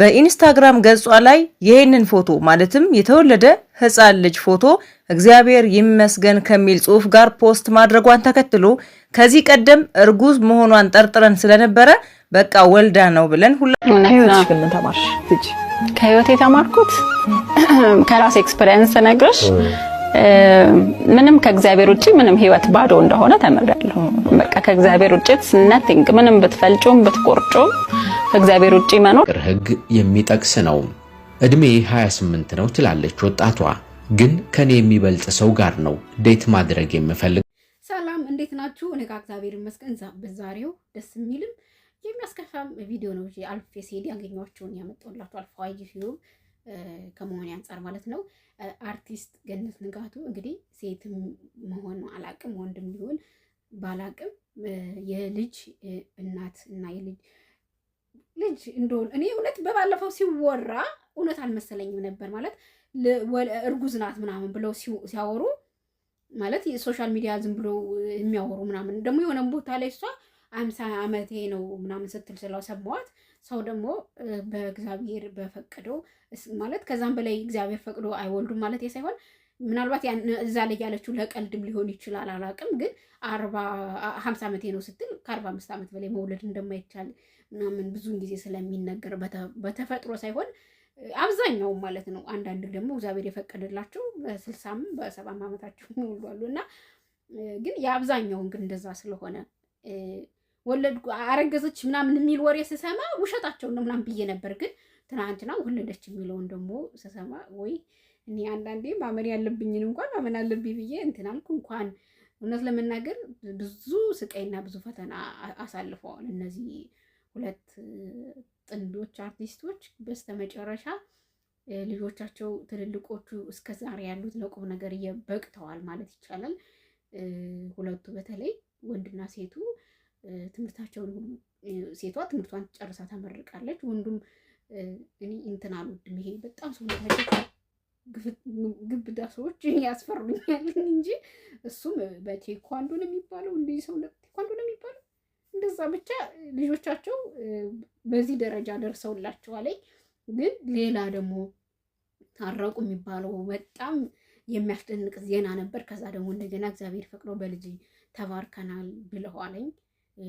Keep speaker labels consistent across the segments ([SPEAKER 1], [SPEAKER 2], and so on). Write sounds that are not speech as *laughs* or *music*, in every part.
[SPEAKER 1] በኢንስታግራም ገጿ ላይ ይህንን ፎቶ ማለትም የተወለደ ህፃን ልጅ ፎቶ እግዚአብሔር ይመስገን ከሚል ጽሑፍ ጋር ፖስት ማድረጓን ተከትሎ ከዚህ ቀደም እርጉዝ መሆኗን ጠርጥረን ስለነበረ በቃ ወልዳ ነው ብለን
[SPEAKER 2] ሁላችንም ተማርሽ።
[SPEAKER 3] ከህይወት የተማርኩት ከራስ ኤክስፐሪንስ ነግረሽ ምንም ከእግዚአብሔር ውጭ ምንም ህይወት ባዶ እንደሆነ ተምሬያለሁ። በቃ ከእግዚአብሔር ውጪ ነቲንግ ምንም ብትፈልጩም ብትቆርጩም ከእግዚአብሔር ውጭ መኖር
[SPEAKER 4] ህግ የሚጠቅስ ነው። ዕድሜ 28 ነው ትላለች ወጣቷ። ግን ከኔ የሚበልጥ ሰው ጋር ነው ዴት ማድረግ የምፈልግ።
[SPEAKER 5] ሰላም እንዴት ናችሁ? እኔ ጋር እግዚአብሔር ይመስገን። በዛሬው ደስ የሚልም የሚያስከፋም ቪዲዮ ነው አልፌ ሲሄድ ያገኘኋቸውን ያመጣሁላችሁ አልፋዋ ዩቲዩብ ከመሆን አንጻር ማለት ነው። አርቲስት ገነት ንጋቱ እንግዲህ ሴትም መሆን አላቅም ወንድም ሊሆን ባላቅም የልጅ እናት እና የልጅ ልጅ እንደሆነ እኔ እውነት በባለፈው ሲወራ እውነት አልመሰለኝም ነበር ማለት እርጉዝ ናት ምናምን ብለው ሲያወሩ ማለት ሶሻል ሚዲያ ዝም ብሎ የሚያወሩ ምናምን ደግሞ የሆነ ቦታ ላይ እሷ አምሳ ዓመቴ ነው ምናምን ስትል ስለው ሰማዋት። ሰው ደግሞ በእግዚአብሔር በፈቀደው ማለት ከዛም በላይ እግዚአብሔር ፈቅዶ አይወልዱም ማለት ሳይሆን ምናልባት እዛ ላይ ያለችው ለቀልድም ሊሆን ይችላል አላውቅም። ግን አርባ ሀምሳ ዓመቴ ነው ስትል ከአርባ አምስት ዓመት በላይ መውለድ እንደማይቻል ምናምን ብዙን ጊዜ ስለሚነገር በተፈጥሮ ሳይሆን አብዛኛው ማለት ነው። አንዳንድ ደግሞ እግዚአብሔር የፈቀደላቸው በስልሳም በሰባም ዓመታቸው ይውሉ *laughs* አሉ እና ግን የአብዛኛውን ግን እንደዛ ስለሆነ ወለድ አረገዘች ምናምን የሚል ወሬ ስሰማ ውሸታቸውን ነው ምናምን ብዬ ነበር። ግን ትናንትና ወለደች የሚለውን ደግሞ ስሰማ ወይ እኔ አንዳንዴ ማመን ያለብኝን እንኳን ማመን አለብኝ ብዬ እንትን አልኩ። እንኳን እውነት ለመናገር ብዙ ስቃይና ብዙ ፈተና አሳልፈዋል እነዚህ ሁለት ጥንዶች አርቲስቶች በስተመጨረሻ ልጆቻቸው ትልልቆቹ እስከ ዛሬ ያሉት ለቁም ነገር በቅተዋል ማለት ይቻላል። ሁለቱ በተለይ ወንድና ሴቱ ትምህርታቸውን ሴቷ ትምህርቷን ጨርሳ ተመርቃለች። ወንዱም እኔ እንትን አልወድም ይሄ በጣም ሰውነታቸው ግብዳ ሰዎች ያስፈሩኛል እንጂ እሱም በቴኳንዶ ነው የሚባለው እንዲህ ሰውነት ቴኳንዶ ነው የሚባለው እንደዛ ብቻ ልጆቻቸው በዚህ ደረጃ ደርሰውላቸዋል። ግን ሌላ ደግሞ ታረቁ የሚባለው በጣም የሚያስደንቅ ዜና ነበር። ከዛ ደግሞ እንደገና እግዚአብሔር ፈቅዶ በልጅ ተባርከናል ብለዋለኝ።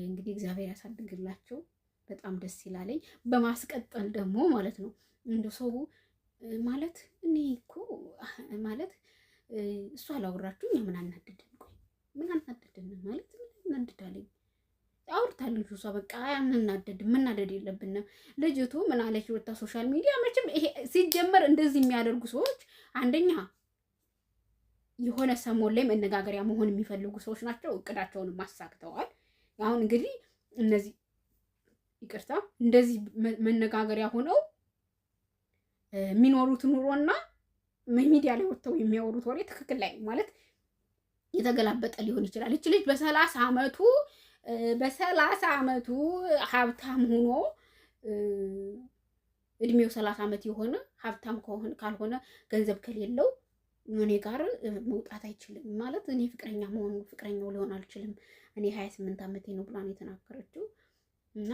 [SPEAKER 5] እንግዲህ እግዚአብሔር ያሳድግላቸው። በጣም ደስ ይላለኝ። በማስቀጠል ደግሞ ማለት ነው እንደ ሰው ማለት እኔ እኮ ማለት እሱ አላወራችሁኝ ምን አናደድን? ቆይ ምን አናደድን ማለት ምን አናደዳለኝ? አውርታለች እሷ በቃ አንናደድ መናደድ የለብንም። ልጅቱ ምን አለች ወታ ሶሻል ሚዲያ መቼም ይሄ ሲጀመር እንደዚህ የሚያደርጉ ሰዎች አንደኛ የሆነ ሰሞን ላይ መነጋገሪያ መሆን የሚፈልጉ ሰዎች ናቸው። እቅዳቸውን አሳክተዋል። አሁን እንግዲህ እነዚህ ይቅርታ እንደዚህ መነጋገሪያ ሆነው የሚኖሩት ኑሮና ሚዲያ ላይ ወጥተው የሚያወሩት ወሬ ትክክል ላይ ማለት የተገላበጠ ሊሆን ይችላል። እች ልጅ በሰላሳ አመቱ በሰላሳ አመቱ ሀብታም ሆኖ እድሜው ሰላሳ አመት የሆነ ሀብታም ካልሆነ ገንዘብ ከሌለው እኔ ጋር መውጣት አይችልም ማለት እኔ ፍቅረኛ መሆኑ ፍቅረኛው ሊሆን አልችልም እኔ ሀያ ስምንት አመቴ ነው ብላ ነው የተናገረችው። እና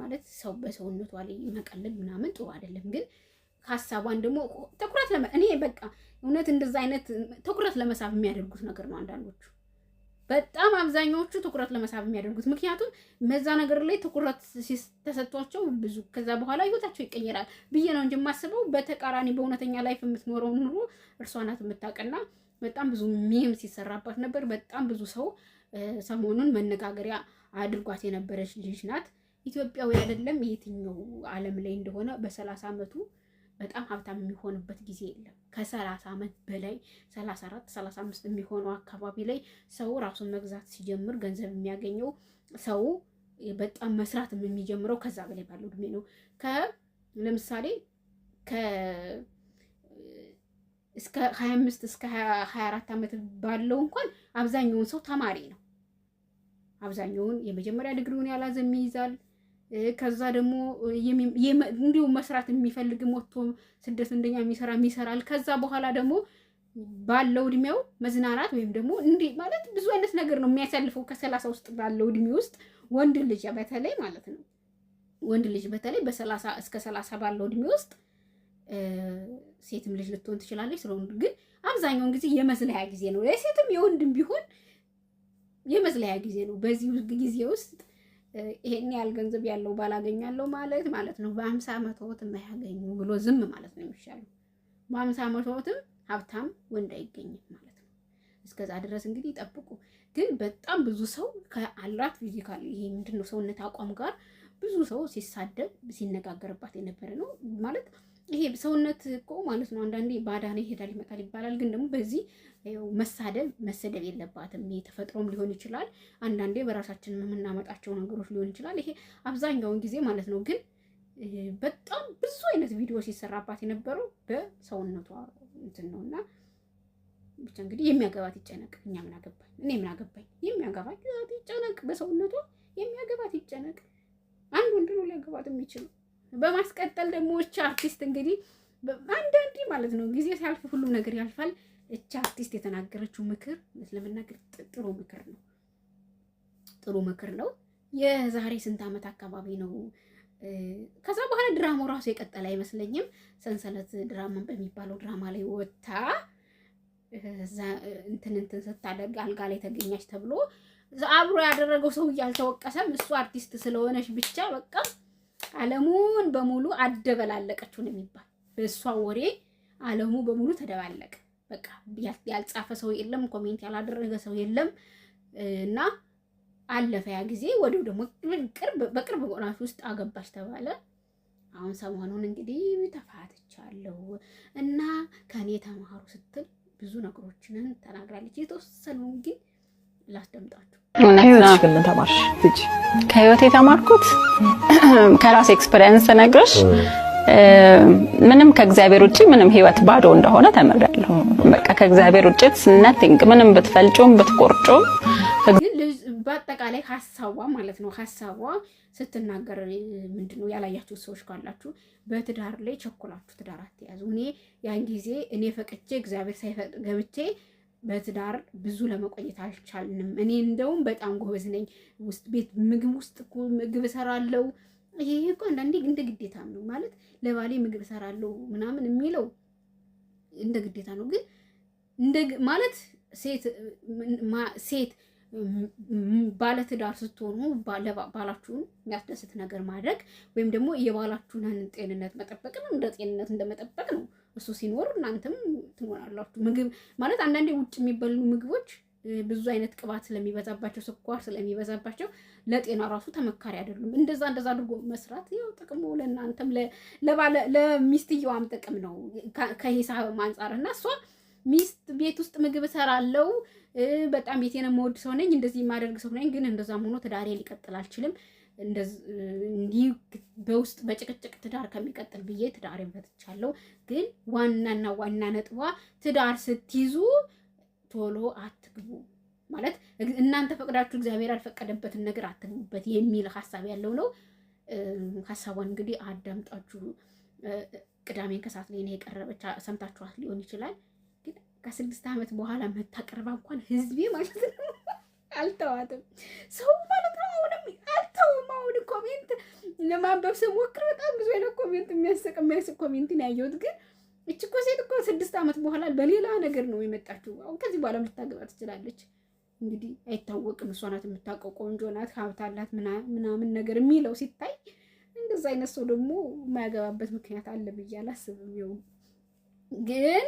[SPEAKER 5] ማለት ሰው በሰውነቷ ላይ መቀለል ምናምን ጥሩ አይደለም ግን ሀሳቧን ደግሞ ትኩረት እኔ በቃ እውነት እንደዛ አይነት ትኩረት ለመሳብ የሚያደርጉት ነገር ነው አንዳንዶቹ። በጣም አብዛኛዎቹ ትኩረት ለመሳብ የሚያደርጉት ምክንያቱም መዛ ነገር ላይ ትኩረት ተሰጥቷቸው ብዙ ከዛ በኋላ ህይወታቸው ይቀየራል ብዬ ነው እንጂ የማስበው። በተቃራኒ በእውነተኛ ላይፍ የምትኖረው ኑሮ እርሷ ናት የምታውቅና በጣም ብዙ ሚም ሲሰራባት ነበር። በጣም ብዙ ሰው ሰሞኑን መነጋገሪያ አድርጓት የነበረች ልጅ ናት። ኢትዮጵያዊ አይደለም የትኛው ዓለም ላይ እንደሆነ በሰላሳ ዓመቱ በጣም ሀብታም የሚሆንበት ጊዜ የለም። ከሰላሳ ዓመት በላይ ሰላሳ አራት ሰላሳ አምስት የሚሆነው አካባቢ ላይ ሰው ራሱን መግዛት ሲጀምር ገንዘብ የሚያገኘው ሰው በጣም መስራትም የሚጀምረው ከዛ በላይ ባለው እድሜ ነው። ለምሳሌ እስከ ሀያ አምስት እስከ ሀያ አራት ዓመት ባለው እንኳን አብዛኛውን ሰው ተማሪ ነው። አብዛኛውን የመጀመሪያ ድግሪውን ያላዘም ይይዛል። ከዛ ደግሞ እንዲሁ መስራት የሚፈልግም ወጥቶ ስደት እንደኛ የሚሰራ ይሰራል። ከዛ በኋላ ደግሞ ባለው እድሜው መዝናናት ወይም ደግሞ እንዲህ ማለት ብዙ አይነት ነገር ነው የሚያሳልፈው ከሰላሳ ውስጥ ባለው እድሜ ውስጥ ወንድ ልጅ በተለይ ማለት ነው ወንድ ልጅ በተለይ በሰላሳ እስከ ሰላሳ ባለው እድሜ ውስጥ ሴትም ልጅ ልትሆን ትችላለች። ስለወንድ ግን አብዛኛውን ጊዜ የመዝለያ ጊዜ ነው። የሴትም የወንድም ቢሆን የመዝለያ ጊዜ ነው። በዚህ ጊዜ ውስጥ ይሄን ያህል ገንዘብ ያለው ባላገኛለሁ ማለት ማለት ነው በአምሳ መቶትም አያገኙ ብሎ ዝም ማለት ነው የሚሻለው። በአምሳ መቶትም ሀብታም ወንድ አይገኝም ማለት ነው። እስከዛ ድረስ እንግዲህ ይጠብቁ። ግን በጣም ብዙ ሰው ከአላት ፊዚካል ይሄ ምንድን ነው ሰውነት አቋም ጋር ብዙ ሰው ሲሳደብ ሲነጋገርባት የነበረ ነው ማለት ይሄ ሰውነት እኮ ማለት ነው። አንዳንዴ ባዳነ ይሄዳል ይመጣል ይባላል። ግን ደግሞ በዚህ መሳደብ መሰደብ የለባትም። ይሄ ተፈጥሮም ሊሆን ይችላል። አንዳንዴ በራሳችን የምናመጣቸው ነገሮች ሊሆን ይችላል። ይሄ አብዛኛውን ጊዜ ማለት ነው። ግን በጣም ብዙ አይነት ቪዲዮ ሲሰራባት የነበረው በሰውነቷ እንትን ነው እና ብቻ እንግዲህ የሚያገባት ይጨነቅ። እኛ ምን አገባኝ፣ እኔ ምን አገባኝ። የሚያገባት ይጨነቅ፣ በሰውነቷ የሚያገባት ይጨነቅ። አንድ ወንድ ነው ሊያገባት የሚችለው። በማስቀጠል ደግሞ እች አርቲስት እንግዲህ አንዳንዴ ማለት ነው ጊዜ ሲያልፍ ሁሉም ነገር ያልፋል። እች አርቲስት የተናገረችው ምክር ስለመናገር ጥሩ ምክር ነው፣ ጥሩ ምክር ነው። የዛሬ ስንት ዓመት አካባቢ ነው። ከዛ በኋላ ድራማው ራሱ የቀጠለ አይመስለኝም። ሰንሰለት ድራማን በሚባለው ድራማ ላይ ወታ እንትን እንትን ስታደርግ አልጋ ላይ ተገኛች ተብሎ አብሮ ያደረገው ሰው እያልተወቀሰም እሱ አርቲስት ስለሆነች ብቻ በቃ ዓለሙን በሙሉ አደበላለቀችው ነው የሚባል። በእሷ ወሬ ዓለሙ በሙሉ ተደባለቀ። በቃ ያልጻፈ ሰው የለም፣ ኮሜንት ያላደረገ ሰው የለም። እና አለፈ ያ ጊዜ። ወዲያው ደግሞ በቅርብ ወራት ውስጥ አገባች ተባለ። አሁን ሰሞኑን እንግዲህ ተፋትቻለሁ እና ከኔ ተማሩ ስትል ብዙ ነገሮችንን ተናግራለች። የተወሰኑ ግን
[SPEAKER 3] ላስደምጣችሁ። ተማርሽ? ከህይወት የተማርኩት ከራስ ኤክስፔሪየንስ ነግረሽ ምንም ከእግዚአብሔር ውጪ ምንም ህይወት ባዶ እንደሆነ ተምሬያለሁ። በቃ ከእግዚአብሔር ውጪ ነቲንግ ምንም ብትፈልጩም ብትቆርጩም
[SPEAKER 5] በአጠቃላይ ሀሳቧ ማለት ነው። ሀሳቧ ስትናገር ምንድን ነው ሰዎች ካላችሁ በትዳር ላይ ቸኩላችሁ ትዳር አትያዙ። እኔ ያን ጊዜ እኔ ፈቅቼ እግዚአብሔር ሳይፈቅድ ገብቼ በትዳር ብዙ ለመቆየት አልቻልንም። እኔ እንደውም በጣም ጎበዝ ነኝ። ውስጥ ቤት ምግብ ውስጥ ምግብ እሰራለሁ። ይሄ እኮ አንዳንዴ እንደ ግዴታ ነው ማለት ለባሌ ምግብ እሰራለሁ ምናምን የሚለው እንደ ግዴታ ነው። ግን እንደ ማለት ሴት ሴት ባለትዳር ስትሆኑ ባላችሁን የሚያስደስት ነገር ማድረግ ወይም ደግሞ የባላችሁን ጤንነት መጠበቅ ነው። እንደ ጤንነት እንደመጠበቅ ነው። እሱ ሲኖር እናንተም ትሆናላችሁ። ምግብ ማለት አንዳንዴ ውጭ የሚበሉ ምግቦች ብዙ አይነት ቅባት ስለሚበዛባቸው ስኳር ስለሚበዛባቸው ለጤና ራሱ ተመካሪ አይደሉም። እንደዛ እንደዛ አድርጎ መስራት ያው ጥቅሙ ለእናንተም ለሚስትየዋም ጥቅም ነው ከሂሳብ አንጻር እና እሷ ሚስት ቤት ውስጥ ምግብ ሰራለው በጣም ቤቴን የምወድ ሰው ነኝ፣ እንደዚህ የማደርግ ሰው ነኝ። ግን እንደዛም ሆኖ ትዳሬ ሊቀጥል አልችልም እንዲህ በውስጥ በጭቅጭቅ ትዳር ከሚቀጥል ብዬ ትዳር ፈትቻለሁ። ግን ዋናና ዋና ነጥቧ ትዳር ስትይዙ ቶሎ አትግቡ ማለት እናንተ ፈቅዳችሁ እግዚአብሔር አልፈቀደበትን ነገር አትግቡበት የሚል ሀሳብ ያለው ነው። ሀሳቧን እንግዲህ አዳምጣችሁ ቅዳሜን ከሰዓት ላይ የቀረበች ሰምታችኋት ሊሆን ይችላል። ግን ከስድስት ዓመት በኋላ መታቀርባ እንኳን ህዝቤ ማለት ነው *laughs* አልተዋትም ሰው ለማንበብ ስሞክር በጣም ብዙ አይነት ኮሜንት የሚያስቅ የሚያስቅ ኮሜንትን ያየሁት ግን እች እኮ ሴት እኮ ስድስት ዓመት በኋላ በሌላ ነገር ነው የመጣችው። አሁን ከዚህ በኋላ ልታገባ ትችላለች እንግዲህ አይታወቅም። እሷ ናት የምታውቀው። ቆንጆ ናት፣ ሀብት አላት ምናምን ነገር የሚለው ሲታይ እንደዛ አይነት ሰው ደግሞ የማያገባበት ምክንያት አለ ብዬ አላስብም። ይኸው ግን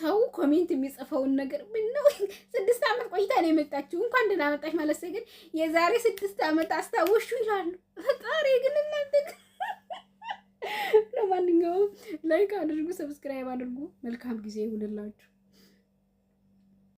[SPEAKER 5] ሰው ኮሜንት የሚጽፈውን ነገር ምነው ስድስት ዓመት ቆይታ ነው የመጣችው እንኳን ደህና መጣች ማለት ሳይገድ የዛሬ ስድስት ዓመት አስታወሹ ይላሉ። ፈጣሪ ግን እናንተ ለማንኛውም ላይክ አድርጉ፣ ሰብስክራይብ አድርጉ። መልካም ጊዜ ይሁንላችሁ።